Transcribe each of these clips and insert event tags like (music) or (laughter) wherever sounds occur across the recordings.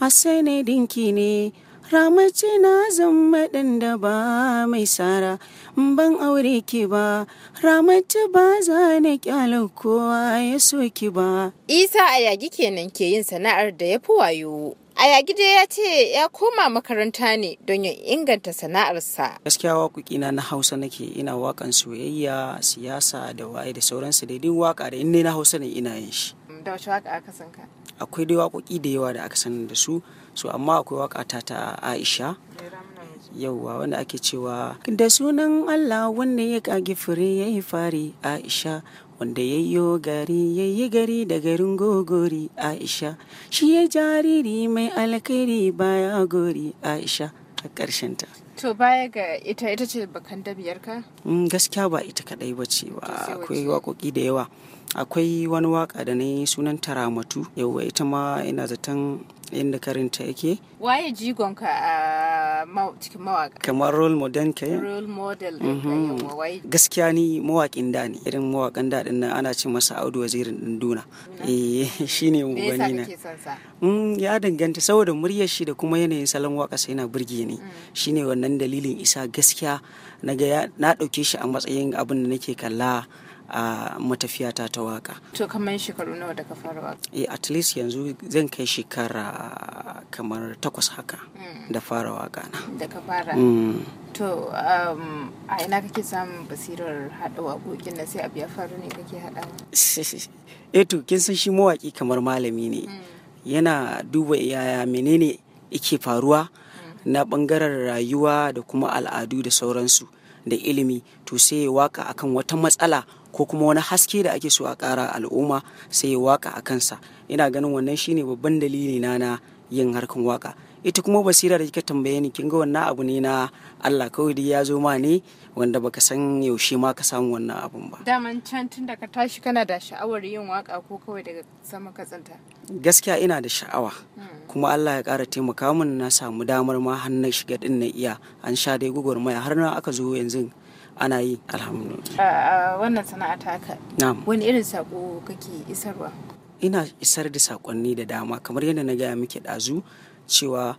Hassane dinki ne, ramace na zama ɗan da ba mai sara, ban aure ki ba, ramace ba za na kyalo kowa ya so ki ba. Isa Ayagi kenan ke yin sana'ar da ya fi wayo. Ayagi dai ya ce ya koma makaranta ne don ya inganta sana'arsa. Gaskiya waƙoƙina na na Hausa nake ina waƙan soyayya, siyasa da waye da sauransu daidai waƙa da in na Hausa ne ina yin shi. akwai dai waƙoƙi da yawa da aka sanar da su so amma akwai waƙa ta Aisha yauwa wanda ake cewa da sunan Allah wanda ya kage fure ya yi fari Aisha wanda ya yi gari ya yi gari da garin gogori Aisha shi ya jariri mai alkari baya gori Aisha a ƙarshen To baya ga ita ita ce bakan da ka? Mm, gaskiya ba ita kaɗai ba ce ba akwai waƙoƙi da yawa. akwai wani waka da na yi sunan taramatu yauwa ita ma ina zaton inda karinta yake waye jigonka a cikin mawaka kamar role model yi role model mm-hmm. gaskiya ni mawakin da ne irin mawakan da din ana ce masa audu wazirin dinduna eh (laughs) shine mu gani na mm, ya danganta saboda muryar shi da kuma yanayin salon waka sai na burge ni mm. shine wannan dalilin isa gaskiya na na dauke shi a matsayin abin da nake kalla a matafiyata ta waka. To kamar shekaru nawa da ka fara waka? Eh at least yanzu zan kai shekara kamar takwas haka mm. da fara waka na. Da ka fara. Mm. To um, a ina kake samun basirar haɗa waƙoƙin na sai abu ya faru ne kake haɗa? (laughs) Eh to kin san shi mawaƙi kamar malami ne. Mm. Yana duba yaya menene ike faruwa na ɓangaren rayuwa da kuma al'adu da sauransu. da ilimi to sai ya waka akan wata matsala ko kuma wani haske da ake so a ƙara al'umma sai ya waka a kansa ina ganin wannan shine babban dalili na na yin harkan waka ita kuma basira da kika tambaye ni kinga ga wannan abu ne na Allah kawai dai ya zo ma ne wanda baka san yaushe ma ka samu wannan abun ba daman can tun da ka tashi kana da sha'awar yin waka ko kawai daga sama ka tsanta gaskiya ina da sha'awa hmm. kuma Allah ya ƙara taimaka min na samu damar ma har na shiga din na iya an sha dai gwagwarmaya har na aka zo yanzu ana yi alhamdulillah wannan sana'a ta ka wani irin sako kake isarwa ina isar da sakonni da dama kamar yadda na gaya muke ɗazu cewa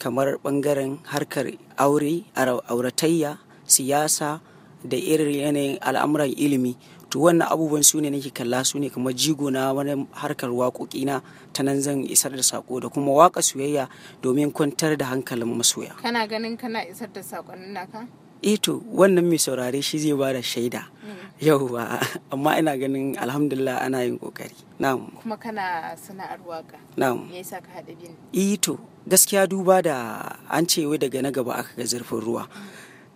kamar ɓangaren harkar aure auratayya siyasa da irin yanayin al'amuran ilimi to wannan abubuwan su ne nake kalla su ne kamar jigo na wani harkar waƙoƙi na ta nan zan isar da sako da kuma waƙa soyayya domin kwantar da hankalin masoya kana ganin kana isar da sakonnin naka eto eh wannan mai saurare shi zai ba da shaida yauwa amma ina ganin alhamdulillah ana yin kokari na'am kuma kana sana'ar waka na'am me yasa ka haɗa bin eh gaskiya duba da an ce wai daga na gaba aka ga zurfin ruwa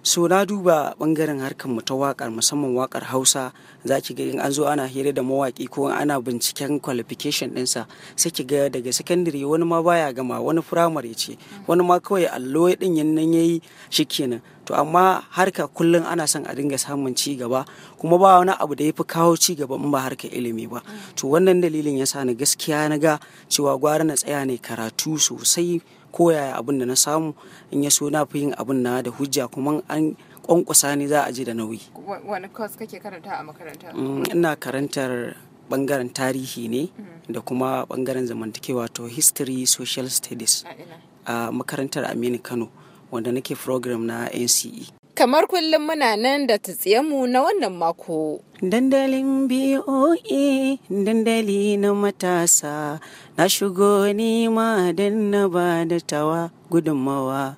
so na duba bangaren harkar mu ta wakar musamman wakar hausa za ki ga in an zo ana hira da mawaki ko ana binciken qualification ɗinsa sai ki ga daga secondary wani ma baya gama wani primary ce wani ma kawai allo ɗin nan yayi shikenan to amma harka kullum ana son a dinga samun ci gaba kuma ba wani abu da ya fi kawo ci gaba in ba harka ilimi ba to wannan dalilin ya sa ni gaskiya na ga cewa gwara na tsaya ne karatu sosai koyaya abin da na samu in ya so na fi yin abin na da hujja kuma an kwankwasa ne za a ji da nauyi wani course kake karanta a makaranta mm, ina karantar bangaren tarihi ne mm-hmm. da kuma bangaren zamantakewa to history social studies a makarantar aminu kano wanda nake program na NCE. Kamar kullum muna nan da mu na wannan mako. Dandalin BOA dandali na matasa na shigo nima don na ba da tawa gudunmawa.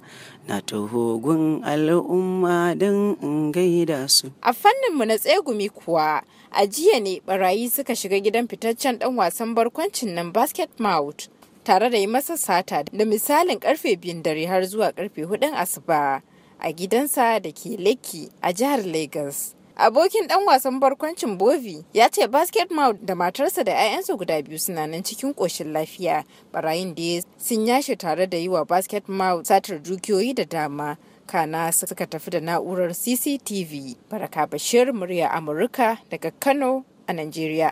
na tahogun al'umma don in gaida su. A fanninmu na tsegumi kuwa, a jiya ne barayi suka shiga gidan fitaccen dan wasan barkwancin nan basket mouth tare da yi masa sata da misalin karfe biyun dare har zuwa karfe hudun asuba a gidansa da ke lekki a jihar lagos abokin dan wasan barkwancin bovi ya ce basket mouth da matarsa da 'ya'yansa guda biyu suna nan cikin koshin lafiya barayin da sun yashe tare da yi wa basket mouth satar dukiyoyi da dama kana suka tafi da na'urar cctv baraka bashir murya amurka daga kano a nigeria